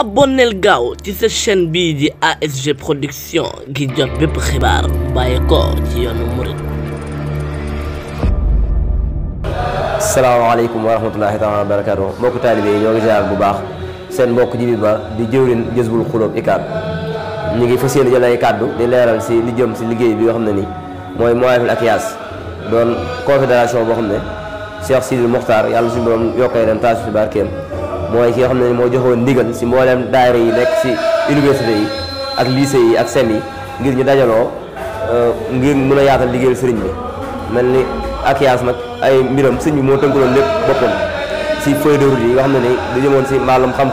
abonneel gaaw ci sa chaîne bii di ASG production gi jot bépp xibaar bàyyi ko ci yoonu murit salaamaaleykum wa rahmatullahi wa barakaatu mbokk talibé yi ñoo ngi ziar bu baax seen mbokk jibi ba di jëwrin Jazbul Xuloob ICAB ñu ngi fassiyé yéene jël ay kàddu di leeral ci li jëm ci liggéey bi nga xam ni moy Mawaahiboul akiyas don confédération bo xamné Cheikh Sidil Mokhtar Yalla suñu borom yokkee leen taasu si mooy ki nga xam ne moo joxoon ndigal si mboolem daayira yi nekk si université yi ak lycée yi ak sem yi ngir ñu dajaloo euh, ngir mën a yaatal liggéeyal sëriñ bi mel ni Akyaas nag ay mbiram sëñ moo tënkaloon lépp boppam si feuille de route yi nga xam ne ni jëmoon si maalum xam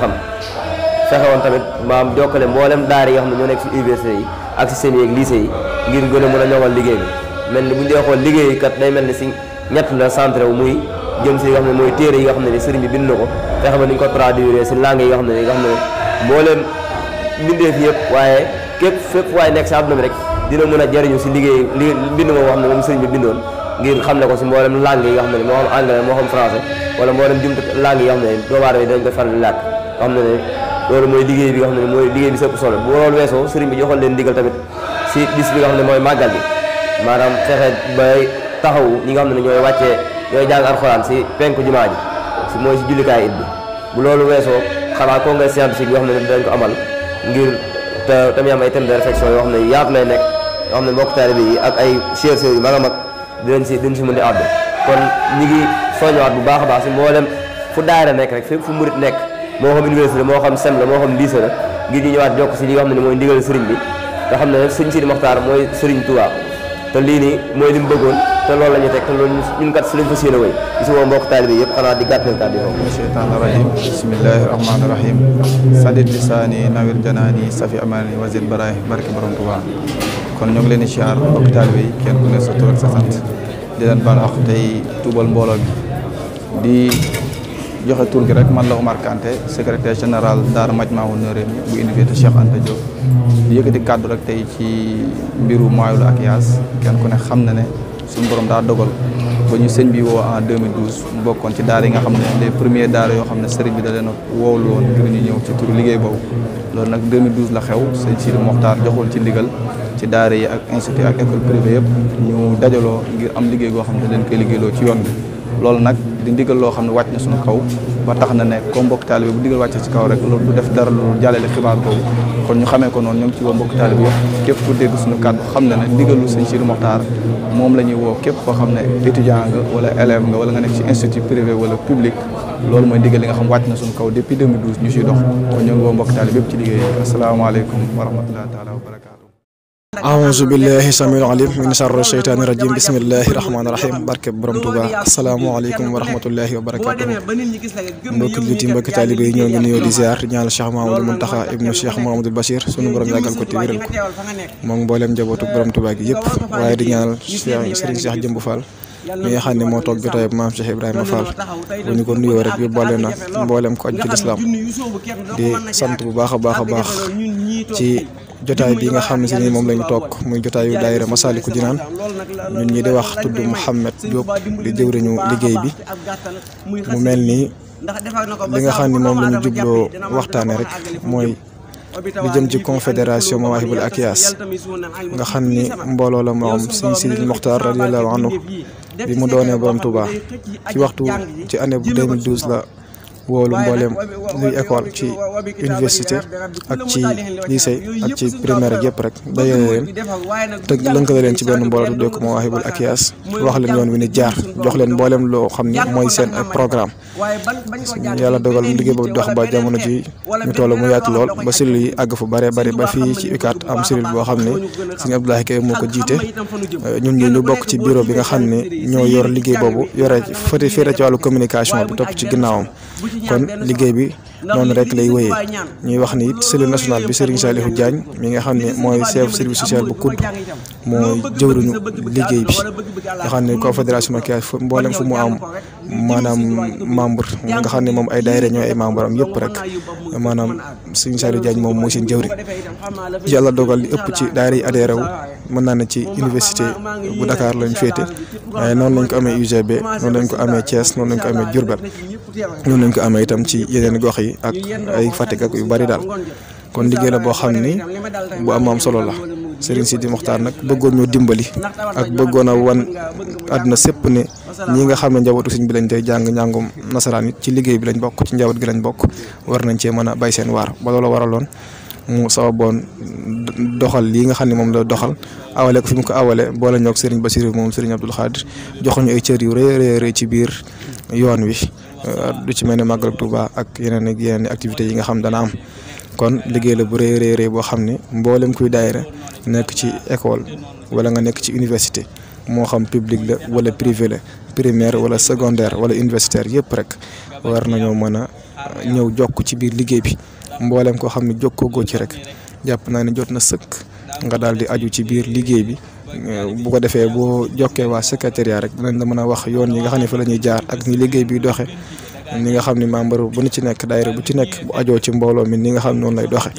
fexe woon tamit maam jokkale mboolem daara yi nga xam ne ñoo nekk ci université yi ak si sem yi ak lycée yi ngir gën a mën a ñoŋal liggéey bi mel ni bu ñu liggéey kat day mel ni si ñett na centré wu muy jëm si yi nga xam ne mooy téere yi nga xam ne ni sëriñ bi bind na ko fexe ba ni ñu nga xam ne ni yëpp waaye képp fépp waaye nekk si àdduna bi rek dina mën a jariñu si liggéey li mbind moom xam ne moom bindoon ngir xam ne ko si mboolem langue yi nga xam ne ni moo xam anglais moo xam français liggéey bi nga xam ne mooy liggéey bi sëpp solo bu loolu weesoo sëriñ bi joxal leen mooy màggal bi maanaam fexe bay taxaw ñi nga xam ne ñooy wàccee ñooy jàng alxuraan si penk jumaa ji si mooy si jullikaay it bi bu loolu weesoo xanaa congrès scientifique yoo xam ne dañ ko amal ngir te tamit am ne yaatu lay nekk yoo xam ne mbokk taalibe yi ak ay chercheurs yu mag a mag dinañ si dinañ si kon ñi ngi soññaat baax a baax si mboolem fu daayira nekk rek fépp fu murit nekk moo xam université moo xam sem la moo xam lycée la ngir ñu ñëwaat jokk si li xam ne mooy ndigal sëriñ bi nga xam ne nag sëriñ Sidi Moxtaar mooy sëriñ Tuubaa te lii nii mooy li mu bëggoon te lool la ñu teg te loolu ñun kat si lañ fas yéene wéy gis nga mbokk taalibe yëpp xanaa di gàttal kàddu yow cheytaan rahim bismillahi rahmaani rahim sadid lisaani nawir janaani safi amaani wazir baraay barke borom Tuubaa kon ñoo ngi leen di siyaar mbokk taalibe kenn ku ne sa sa sant di leen baal ak tey tuubal mbooloo mi di joxe tur gi rek man la Omar Kanté secrétaire général Daara Majmahun Nurayni bu université Cheikh Anta Diop di yëkkati kàddu rek tey ci mbiru Maoul ak Yaas kenn ku ne xam na ne suñu borom daa dogal ba ñu sëñ bi woo en 2012 mu bokkoon ci daara yi nga xam ne les premiers daara yoo xam ne sëriñ bi da leen a woowlu woon ngir ñëw ci turu liggéey boobu loolu nag 2012 la xew sëñ Sidi Mokhtar joxul ci ndigal ci daara yi ak institut ak école privée yëpp ñu dajaloo ngir am liggéey goo xam ne dañ koy liggéeyloo ci yoon bi loolu nag di ndigal loo xam ne wàcc na suñu kaw ba tax na ne ko mbokk taalibe bu ndigal wàccee ci kaw rek loolu du def dara loolu jàllale xibaar boobu kon ñu xamee ko noonu ñoo ngi ci woo mbokk taalibe yëpp képp ku dégg suñu kàddu woo képp koo xam ne étudiant nga wala élève nga wala nga nekk ci institut privé wala public loolu mooy ndigal li nga xam wàcc na dox kon ñoo ngi mbokk taalibe yëpp ci liggéey asalaamaaleykum wa rahmatullahi taala wa barakaatu aawuzu billahi samil alim min sharri sheytaani rajim bismillahi rahmaani rahim barke borom Tuuba asalaamaaleykum wa rahmatullahi wa barakatuh mbokki jullit yi mbokki taalibe yi ñoo ngi nuyoo di ziar ñaanal Cheikh Mahamadou Muntaxa ibnu Cheikh Mahamadul Bachir sunu borom yàggal ko te wéral ko moom mbooleem njabootu borom Tuuba gi yëpp waaye di ñaanal Serigne Cheikh Jëmb Fall mi nga xam ne moo toog jotaayam maam Cheikh Ibrahima Fall bu ñu ko nuyoo rek yóbbaale na mboolem ko aju ci lislaam di sant bu baax a baax a baax ci jotaay bi nga xam ne si nii moom lañu toog muy jotaayu daayira Masaalikul Jinaan ñun ñi di wax tudd Mouhamed Diop di jëwriñu liggéey bi mu mel ni li nga xam ni moom lañu jubloo waxtaane rek mooy li jëm ci confédération Mawahibul Akyaas nga xam ni mbooloo la moom Sëñ Sidi Mokhtar radiyallahu bi mu doonee borom Touba ci waxtu ci année la woolu mbooleem luy école ci université ak ci lycée ak ci primaire yëpp rek ba dajale leen te la leen ci benn mbooloo tuddee ko Mawahibul Akyas wax leen yoon wi ni jaar jox leen mbooleem loo xam ne mooy seen programme yàlla dogal liggéey boobu dox ba jamono ji ñu toll mu yaatu lool ba cellule yi àgg fu bare bare ba fii ci UCAD am cellule boo xam ne sëñ Abdoulaye Kay moo ko jiite ñun ñi ñu bokk ci bureau bi nga xam ne ñoo yor liggéey boobu yore fëte féete ci wàllu communication bi topp ci ginnaawam kon liggéey bi noonu rek lay wéyee ñuy wax ni cellule nationale bi Serigne Salihou Diagne mi nga xam ne mooy chef service social bu kudd mooy jëwriñu liggéey bi nga xam ne confédération Makiyaas fu mboolem fu mu am maanaam membre nga xam ne moom ay daayira ñooy ay membre am yëpp rek maanaam Serigne Salihou Diagne moom mooy seen jëwriñ yàlla dogal li ëpp ci daayira yi adhéré wu mën naa ne ci université bu Dakar lañu féete waaye noonu lañ ko amee UGB noonu lañ ko amee cees noonu lañ ko amee Diourbel noonu lañ ko amee itam ci yeneen gox yi ak ay Fatick ak yu bari daal kon liggéey la boo xam ni bu am am solo la Serigne Sidi Mokhtar nag bëggoon ñoo dimbali ak bëggoon a wan àdduna sépp ne ñi nga xam ne njabootu sëñ bi lañ tey jàng njàngum nasaraan it ci liggéey bi lañ bokk ci njaboot gi lañ bokk war nañ cee mën a bay seen waar ba loola waraloon mu sababoon doxal lii nga xam ne moom la doxal awale ko fi mu ko awale boole ñoog Serigne Bassirou moom Serigne Abdoul Khadir jox ay cër yu rëy rëy ci biir yoon wi euh, du ci mel ne Màggal Touba ak yeneen ak yeneen activités yi nga xam dana am kon liggéey la bu rëy rëy boo xam ne mboolem kuy daayira nekk ci école wala nga nekk ci université moo xam public la wala privé la primaire wala secondaire wala universitaire yëpp rek war nañoo mën a ñëw jokk ci biir liggéey bi. mbooleem koo xam ne jokkoo goo ci rek jàpp naa ne jot na sëkk nga daal di aju ci biir liggéey bi bu ko defee boo jokkee waa secrétariat rek dinañ la mën a wax yoon yi nga xam ne fa la ñuy jaar ak ni liggéey bi doxe ni nga xam ne membre bu nu ci nekk daayira bu ci nekk bu ajoo ci mbooloo mi ni nga xam ne noonu lay doxe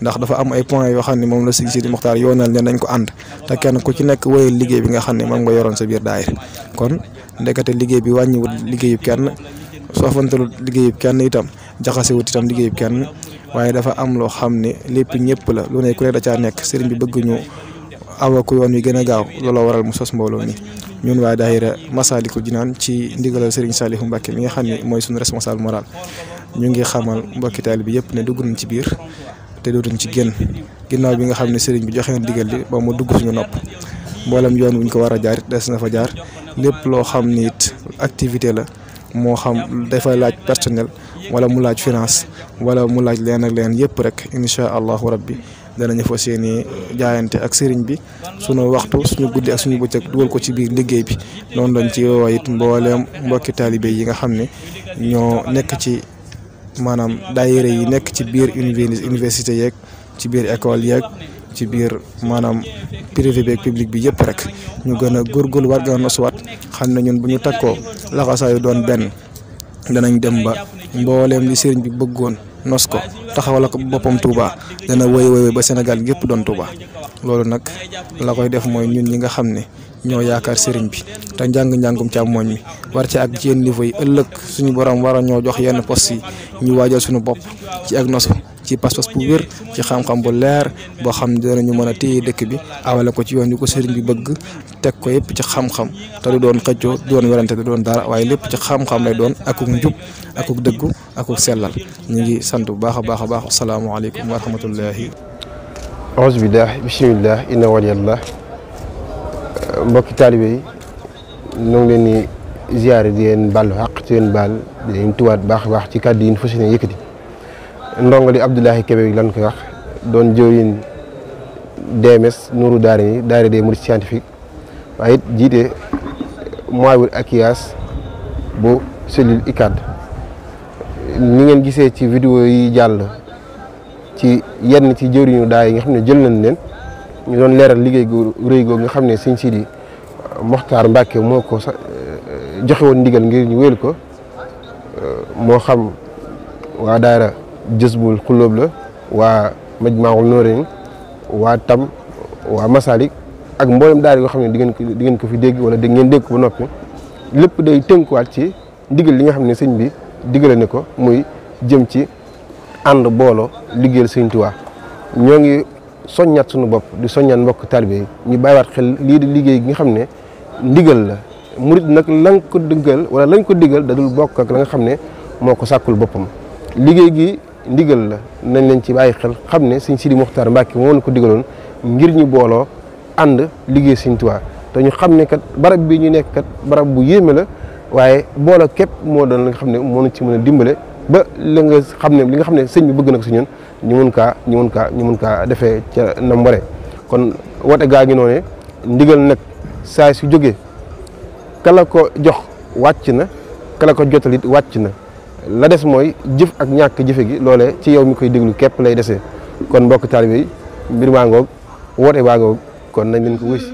ndax dafa am ay points yoo xam ne moom la Sëriñ Sidi Muxtaar yoonal ne nañ ko ànd te kenn ku ci nekk wéyal liggéey bi nga xam ne moom nga yoroon sa biir daayira kon ndekete liggéey bi wàññiwut liggéeyub kenn soofantalut liggéeyub kenn itam jaxasewut itam liggéeyub kenn waaye dafa am loo xam ne lépp ñëpp la lu ne ku ne da caa nekk sëriñ bi bëgguñu ñu awaku yoon wi gën a gaaw looloo waral mu sos mbooloo mi ñun waa daayira Masaalikul Jinaan ci ndigalal sëriñ Saalihu Mbàkke mi nga xam ne mooy suñu responsable moral ñu ngi xamal mbokki taalibe bi yëpp ne dugg nañ ci biir te dootuñ ci génn ginnaaw bi nga xam ne sëriñ bi joxe na digal li ba mu dugg suñu nopp mboolem yoon wuñ ko war a jaar it des na fa jaar lépp loo xam ne it activité la moo xam dafa laaj personnel wala mu laaj finance wala mu laaj len ak len yep rek insha allahu rabbi danañu fas yéene jaayante ak sëriñ bi suñu waxtu suñu guddi ak suñu bëcëk duul ko ci biir liggéey bi non lañ ci woo it mbooleem mbokki talibé yi nga xamné ne ñoo nekk ci manam daayira yi nekk ci biir université yeeg ci biir école yeeg ci biir manam privé beeg public bi yépp rek ñu gëna gorgol war gëna a nosuwaat ñun buñu takko takkoo laxasaayu doon benn danañ dem ba mbooleem li sëriñ bi bëggoon nos ko taxawal ko boppam Touba dana woy woy ba Sénégal gépp doon Touba loolu nag la koy def mooy ñun ñi nga xam ne ñoo yaakaar sëriñ bi te njàng-njàngum càmmooñ mi war ci ak ci yenn niveau yi ëllëg suñu borom war ñoo jox yenn post yi ñu waajal suñu bopp ci ak nosu ci pas-pas bu wér ci xam-xam bu leer bo xam ne danañu mëna a téye dëkk bi awale ko ci yoon yu ko sëriñ bi bëgg tek ko yépp ci xam-xam ta du doon xëccu doon werante doon dara waye lepp ci xam-xam lay doon akuk njub akuk dëggu akuk sellal ñi ngi sant bu baaxa baaxa baax assalamu alaykum wa rahmatullahi auzu billah bismillah inna waliyallah mbokk talibé ñu ngi leen di ziare di leen baalu xaq di leen di leen tuwaat baax baax ci kaddu yi ndongo li Abdoulahi Kébé lan koy wax doon jëwriñ DMS Nourou Daara daara des mourides scientifique waaye it jiite Mouawir Akiyas bu cellule ICAD ni ngeen gisee ci vidéo yi jàll ci yenn ci jëwriñu daara yi nga xam ne jël nañ leen ñu doon leeral liggéey gu rëy googu nga xam ne sëñ Sidi Moxtaar Mbàkke moo ko sax joxe woon ndigal ngir ñu wéel ko moo xam waa daara Jësbul Xulóob la waa Majmaahul Nooreyn waa Tam waa Masalik ak mboolem daara yoo xam ne di ngeen ko di ngeen ko fi dégg wala di ngeen dégg ko ba lépp day tënkuwaat ci ndigal li nga xam ne sëñ bi digale ne ko muy jëm ci ànd booloo liggéeyal sëñ Tuubaa ñoo ngi soññaat suñu bopp di soññaat mbokk taalibe yi ñu bàyyiwaat xel lii di liggéey gi nga xam ne ndigal la murit nag lañ ko diggal wala lañ ko diggal da bokk ak la nga xam ne moo ko sakkul boppam liggéey gi ndigal la nañ leen ci bayyi xel xamne seigne sidi mukhtar Muxtaar mo won ko digalon ngir ñu bolo and liggéey seigne touba te ñu xamne kat barab bi ñu nek kat barab bu yeme la waye bolo kep mo doon nga xamne mo moo ci mëna dimbalé ba li nga xamne li nga xamne seigne bi bëgg nak suñu ñu mën ka ñu mën ka ñu mën ka défé ci nam waree kon wote gaa ngi noonee ndigal nak saay su joggé kala ko jox wacc na kala ko jotalit wacc na la des mooy jëf ak ñàkk jëfe gi loole ci yow mi koy déglu képp lay dese kon mbokk taalibe yi mbir maa ngoog woote baa kon nañ leen ko wësi